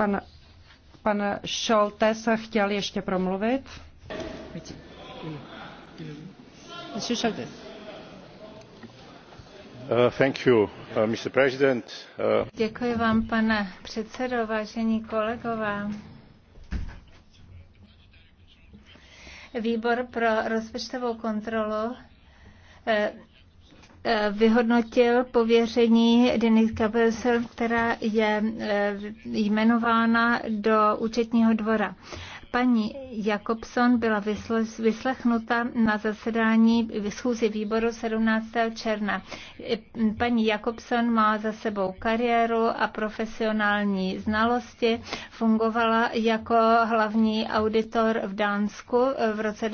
Pan, pan se chtěl ještě promluvit. Uh, uh, uh, Děkuji vám, pane předsedo, vážení kolegové. Výbor pro rozpočtovou kontrolu eh, Eh, vyhodnotil pověření Denise Gabrielsel, která je eh, jmenována do účetního dvora. Paní Jakobson byla vyslechnuta na zasedání schůzi výboru 17. června. Paní Jakobson má za sebou kariéru a profesionální znalosti. Fungovala jako hlavní auditor v Dánsku v roce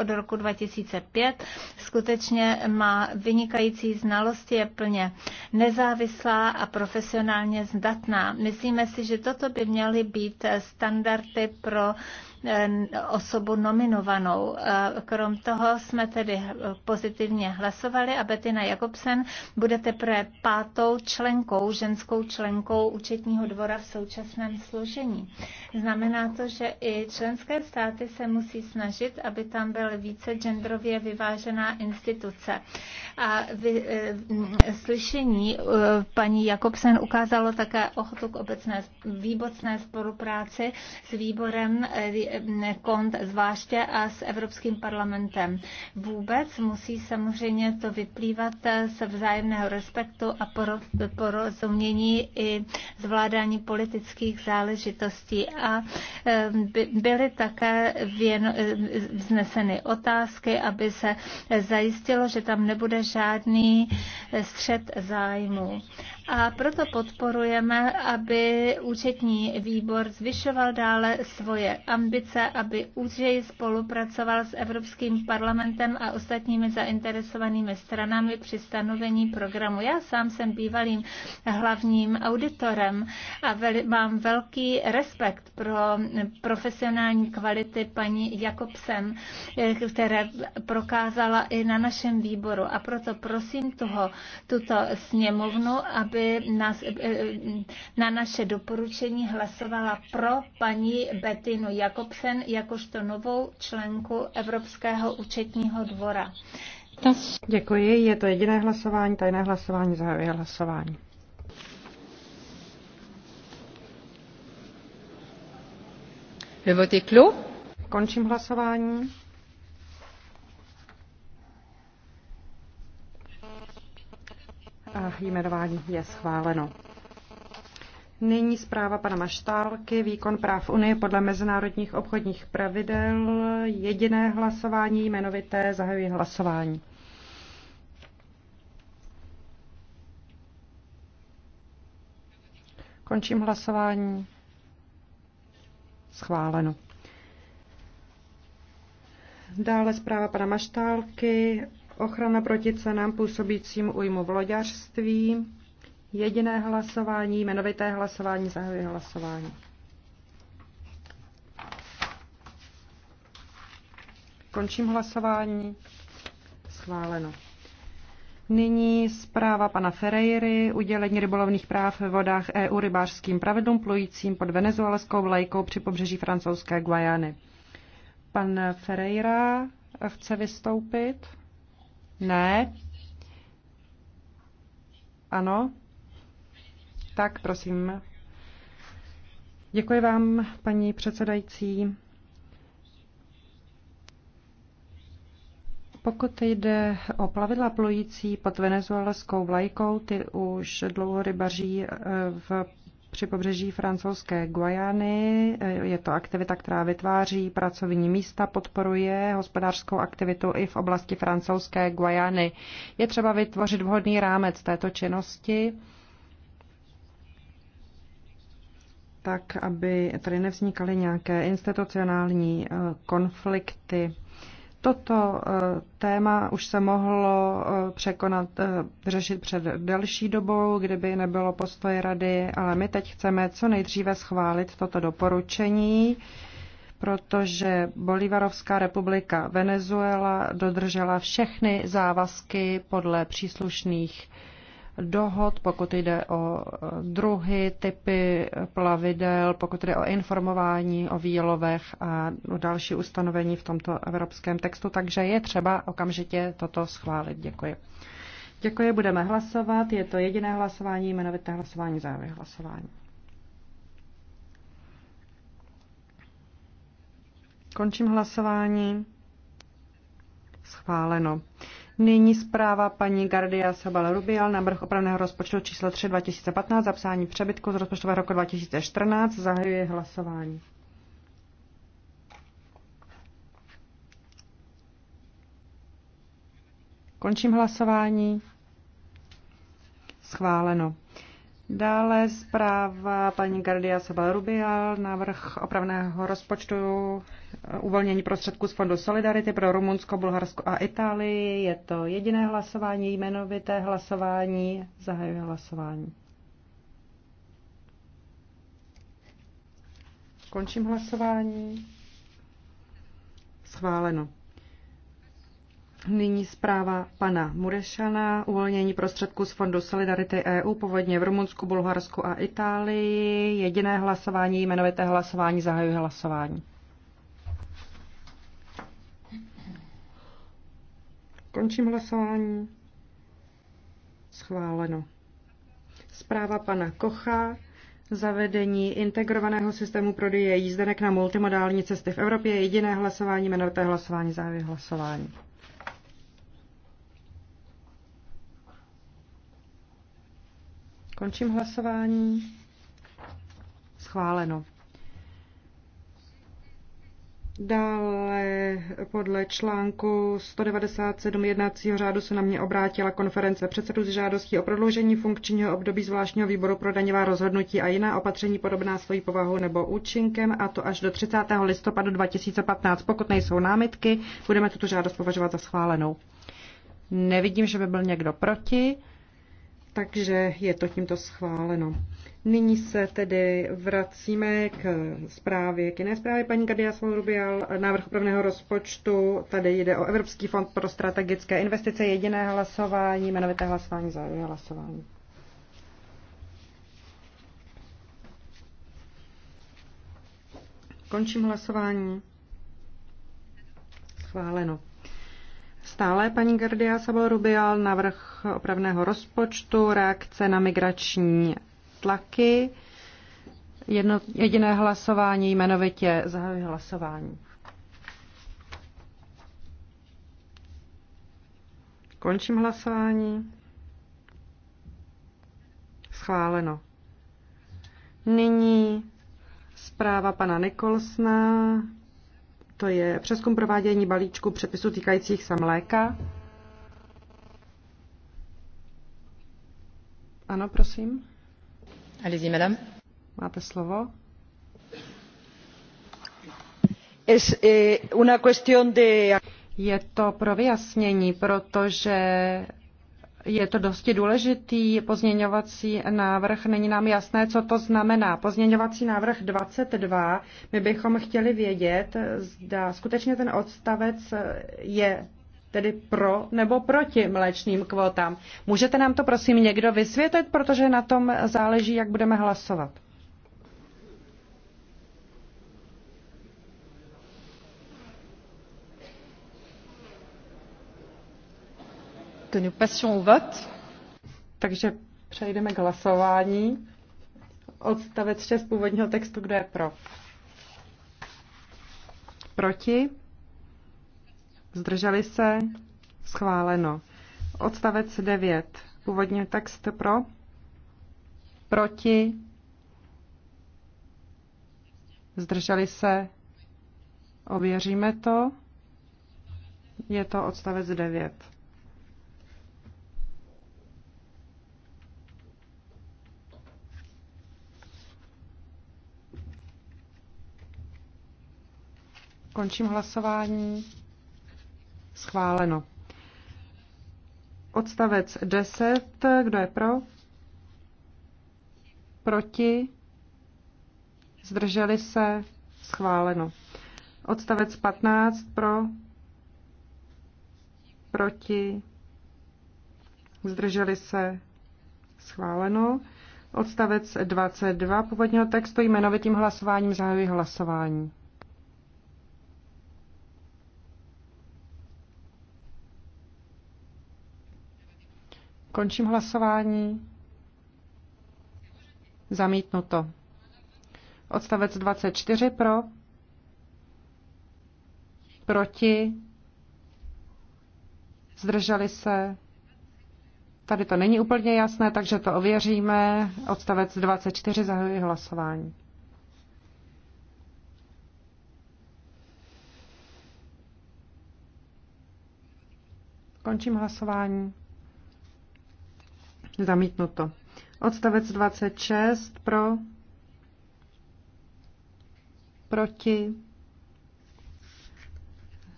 od roku 2005. Skutečně má vynikající znalosti, je plně nezávislá a profesionálně zdatná. Myslíme si, že toto by měly být standardy pro Eh, osobu nominovanou. Eh, krom toho jsme tedy pozitivně hlasovali a Betina Jakobsen bude teprve pátou členkou, ženskou členkou účetního dvora v současném složení. Znamená to, že i členské státy se musí snažit, aby tam byl více genderově vyvážená instituce. A vy, eh, slyšení paní Jakobsen ukázalo také ochotu k obecné výbocné spolupráci s výborem kont zvláště a s Evropským parlamentem. Vůbec musí samozřejmě to vyplývat se vzájemného respektu a porozumění i zvládání politických záležitostí a byly také věno, vzneseny otázky, aby se zajistilo, že tam nebude žádný střed zájmu. A proto podporujeme, aby účetní výbor zvyšoval dále svoje ambice, aby úřeji spolupracoval s Evropským parlamentem a ostatními zainteresovanými stranami při stanovení programu. Já sám jsem bývalým hlavním auditorem a vel, mám velký respekt pro profesionální kvality paní Jakobsen, které prokázala i na našem výboru. A proto prosím toho, tuto sněmovnu, aby aby nás, eh, eh, na naše doporučení hlasovala pro paní Bettinu Jakobsen jakožto novou členku Evropského účetního dvora. Děkuji, je to jediné hlasování, tajné hlasování, zahajuje hlasování. Le vote Končím hlasování. jmenování je schváleno. Nyní zpráva pana Maštálky, výkon práv Unie podle mezinárodních obchodních pravidel, jediné hlasování, jmenovité, zahajuji hlasování. Končím hlasování. Schváleno. Dále zpráva pana Maštálky, Ochrana proti cenám působícím újmu v loďařství. Jediné hlasování, jmenovité hlasování, zahajuje hlasování. Končím hlasování. Schváleno. Nyní zpráva pana Ferreiry, udělení rybolovných práv ve vodách EU rybářským pravidlům plujícím pod venezuelskou vlajkou při pobřeží francouzské Guajany. Pan Ferreira chce vystoupit. Ne. Ano. Tak, prosím. Děkuji vám, paní předsedající. Pokud jde o plavidla plující pod venezuelskou vlajkou, ty už dlouho rybaří eh, v při pobřeží francouzské Guajany. Je to aktivita, která vytváří pracovní místa, podporuje hospodářskou aktivitu i v oblasti francouzské Guajany. Je třeba vytvořit vhodný rámec této činnosti, tak aby tady nevznikaly nějaké institucionální eh, konflikty. Toto eh, téma už se mohlo eh, překonat, eh, řešit před delší dobou, kdyby nebylo postoje rady, ale my teď chceme co nejdříve schválit toto doporučení, protože Bolívarovská republika Venezuela dodržela všechny závazky podle příslušných dohod, pokud jde o e, druhy, typy plavidel, pokud jde o informování o výlovech a další ustanovení v tomto evropském textu. Takže je třeba okamžitě toto schválit. Děkuji. Děkuji, budeme hlasovat. Je to jediné hlasování, jmenovité hlasování, závěr hlasování. Končím hlasování. Schváleno. Nyní zpráva paní Gardia Sabal Rubial, vrch opravného rozpočtu číslo 3 2015, zapsání přebytku z rozpočtového roku 2014, zahajuje hlasování. Končím hlasování. Schváleno. Dále zpráva paní Gardia Sabal Rubial, návrh opravného rozpočtu Eh, uvolnění prostředků z Fondu Solidarity pro Rumunsko, Bulharsko a Itálii. Je to jediné hlasování, jmenovité hlasování. Zahajuje hlasování. Končím hlasování. Schváleno. Nyní zpráva pana Murešana. Uvolnění prostředků z Fondu Solidarity EU povodně v Rumunsku, Bulharsku a Itálii. Jediné hlasování, jmenovité hlasování, zahajuje hlasování. Končím hlasování. Schváleno. Zpráva pana Kocha. Zavedení integrovaného systému prodeje jízdenek na multimodální cesty v Evropě. Jediné hlasování, jmenovité hlasování, závěr hlasování. Končím hlasování. Schváleno. Dále podle článku 197 jednacího řádu se na mě obrátila konference předsedů s žádostí o prodloužení funkčního období zvláštního výboru pro daňová rozhodnutí a jiná opatření podobná svojí povahu nebo účinkem, a to až do 30. listopadu 2015. Pokud nejsou námitky, budeme tuto žádost považovat za schválenou. Nevidím, že by byl někdo proti, takže je to tímto schváleno. Nyní se tedy vracíme k zprávě, k jiné zprávě paní Gadia Rubial, návrh upravného rozpočtu. Tady jde o Evropský fond pro strategické investice, jediné hlasování, jmenovité hlasování, za hlasování. Končím hlasování. Schváleno. Stále paní Gardia Sabal Rubial, návrh opravného rozpočtu, reakce na migrační tlaky. Jedno, jediné hlasování jmenovitě zahajuji hlasování. Končím hlasování. Schváleno. Nyní zpráva pana Nikolsna. To je přeskum provádění balíčku přepisu týkajících se mléka. Ano, prosím madame. Máte slovo. Es eh, una cuestión de... Je to pro vyjasnění, protože je to dosti důležitý pozměňovací návrh, není nám jasné, co to znamená. Pozměňovací návrh 22, my bychom chtěli vědět, zda skutečně ten odstavec je tedy pro nebo proti mléčným kvótám. Můžete nám to prosím někdo vysvětlit, protože na tom záleží, jak budeme hlasovat. Takže přejdeme k hlasování. Odstavec 6 původního textu, kdo je pro? Proti? zdrželi se, schváleno. Odstavec 9, původně text pro, proti, zdrželi se, ověříme to, je to odstavec 9. Končím hlasování. Schváleno. Odstavec 10. Kdo je pro? Proti? Zdrželi se? Schváleno. Odstavec 15. Pro? Proti? Zdrželi se? Schváleno. Odstavec 22 původního textu jmenovitým hlasováním zahajuji hlasování. Končím hlasování. Zamítnuto. Odstavec 24 pro. Proti. Zdrželi se. Tady to není úplně jasné, takže to ověříme. Odstavec 24 zahajuje hlasování. Končím hlasování. Zamítnuto. Odstavec 26 pro, proti,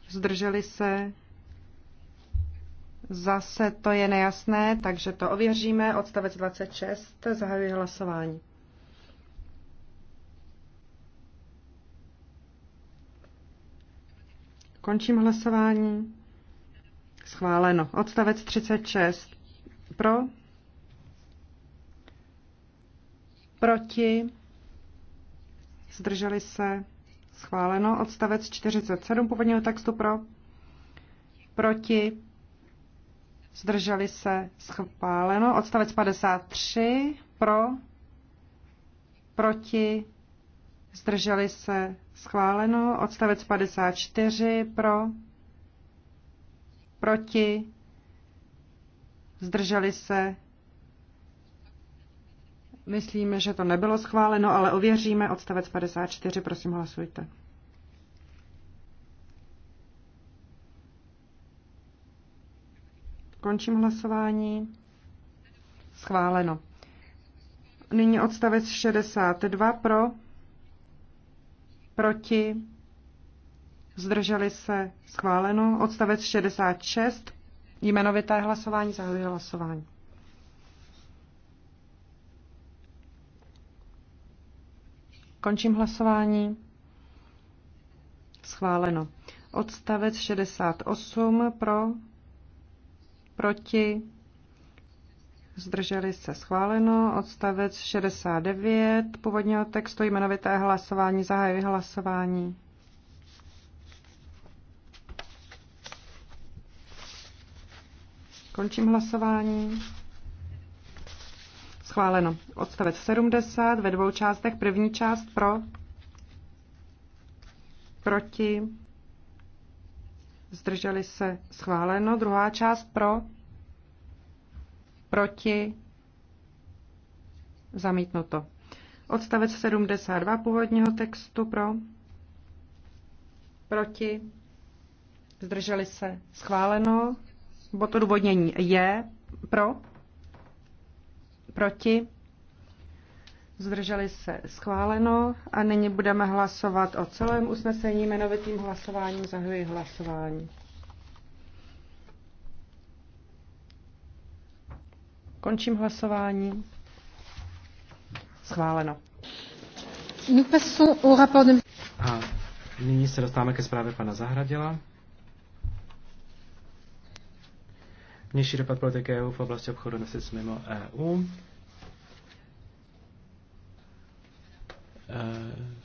zdrželi se, zase to je nejasné, takže to ověříme. Odstavec 26, zahajuji hlasování. Končím hlasování. Schváleno. Odstavec 36. Pro, proti, zdrželi se, schváleno. Odstavec 47 původního textu pro, proti, zdrželi se, schváleno. Odstavec 53 pro, proti, zdrželi se, schváleno. Odstavec 54 pro, proti, zdrželi se, Myslím, že to nebylo schváleno, ale ověříme odstavec 54. Prosím, hlasujte. Končím hlasování. Schváleno. Nyní odstavec 62 pro, proti, zdrželi se, schváleno. Odstavec 66, jmenovité hlasování, zahajuji hlasování. Končím hlasování. Schváleno. Odstavec 68 pro, proti, zdrželi se schváleno. Odstavec 69 původního textu jmenovité hlasování, zahajuji hlasování. Končím hlasování. Schváleno. Odstavec 70 ve dvou částech. První část pro, proti, zdrželi se. Schváleno. Druhá část pro, proti, zamítnuto. Odstavec 72 původního textu pro, proti, zdrželi se. Schváleno. Bod odůvodnění je pro proti, zdrželi se schváleno a nyní budeme hlasovat o celém usnesení jmenovitým hlasováním. Zahajuji hlasování. Končím hlasování. Schváleno. A nyní se dostáváme ke zprávě pana Zahradila. Vnější dopad politiky EU v oblasti obchodu nesec mimo EU.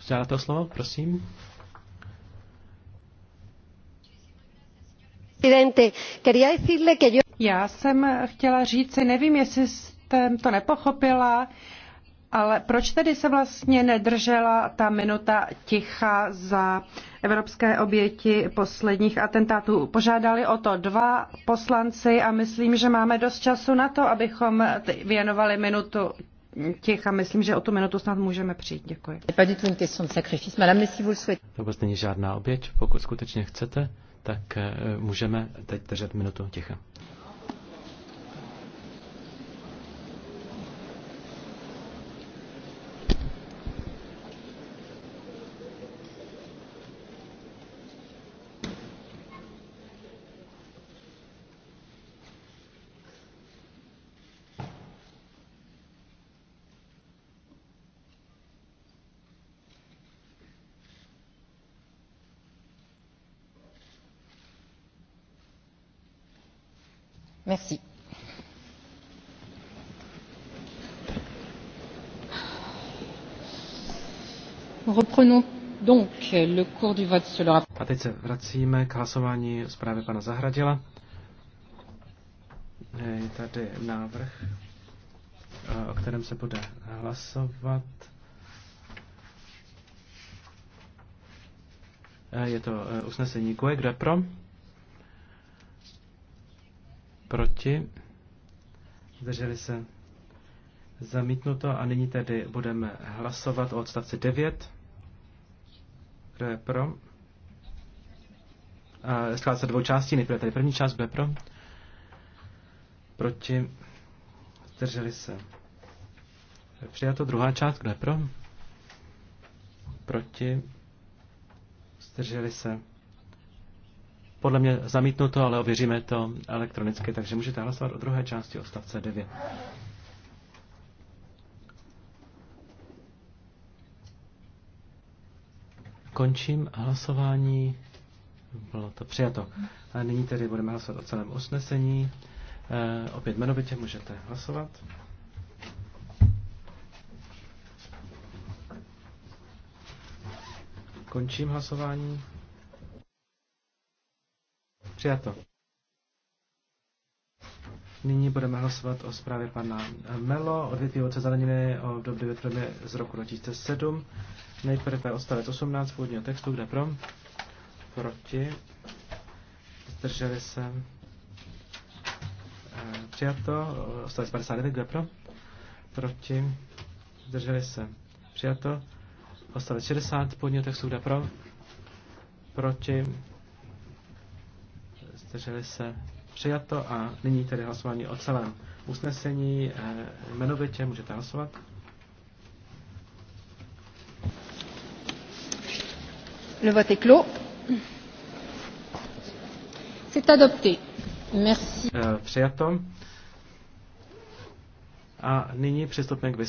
Žádáte e, to slovo, prosím. Já jsem chtěla říct, nevím, jestli jste to nepochopila, ale proč tedy se vlastně nedržela ta minuta ticha za evropské oběti posledních atentátů? Požádali o to dva poslanci a myslím, že máme dost času na to, abychom věnovali minutu ticha. Myslím, že o tu minutu snad můžeme přijít. Děkuji. To vůbec není žádná oběť. Pokud skutečně chcete, tak eh, můžeme teď držet minutu ticha. A teď se vracíme k hlasování zprávy pana Zahradila. Je tady návrh, eh, o kterém se bude hlasovat. Eh, je to eh, usnesení gue kdo pro? Proti? Zdrželi se? Zamítnuto a nyní tedy budeme hlasovat o odstavci 9. Kdo je pro? Skládá se dvou částí, nejprve tady první část, kdo je pro? Proti? Zdrželi se? Přijato druhá část, kdo je pro? Proti? Zdrželi se? podle mě zamítnuto, ale ověříme to elektronicky, takže můžete hlasovat o druhé části odstavce 9. Končím hlasování. Bylo to přijato. A nyní tedy budeme hlasovat o celém usnesení. E, opět jmenovitě můžete hlasovat. Končím hlasování. Přijato. Nyní budeme hlasovat o zprávě pana Melo, odvětví ovoce zeleniny o období větrově z roku 2007. Nejprve odstavec 18 původního textu, kde pro? Proti. Zdrželi se. Eh, přijato. Odstavec 59, kde pro? Proti. Zdrželi se. Přijato. Odstavec 60 původního textu, kde pro? Proti zdrželi se přijato a nyní tedy hlasování o celém usnesení. Eh, jmenovitě můžete hlasovat. Le vote est clos. C'est adopté. Merci. Eh, přijato. A nyní přistupme k vysvětlení.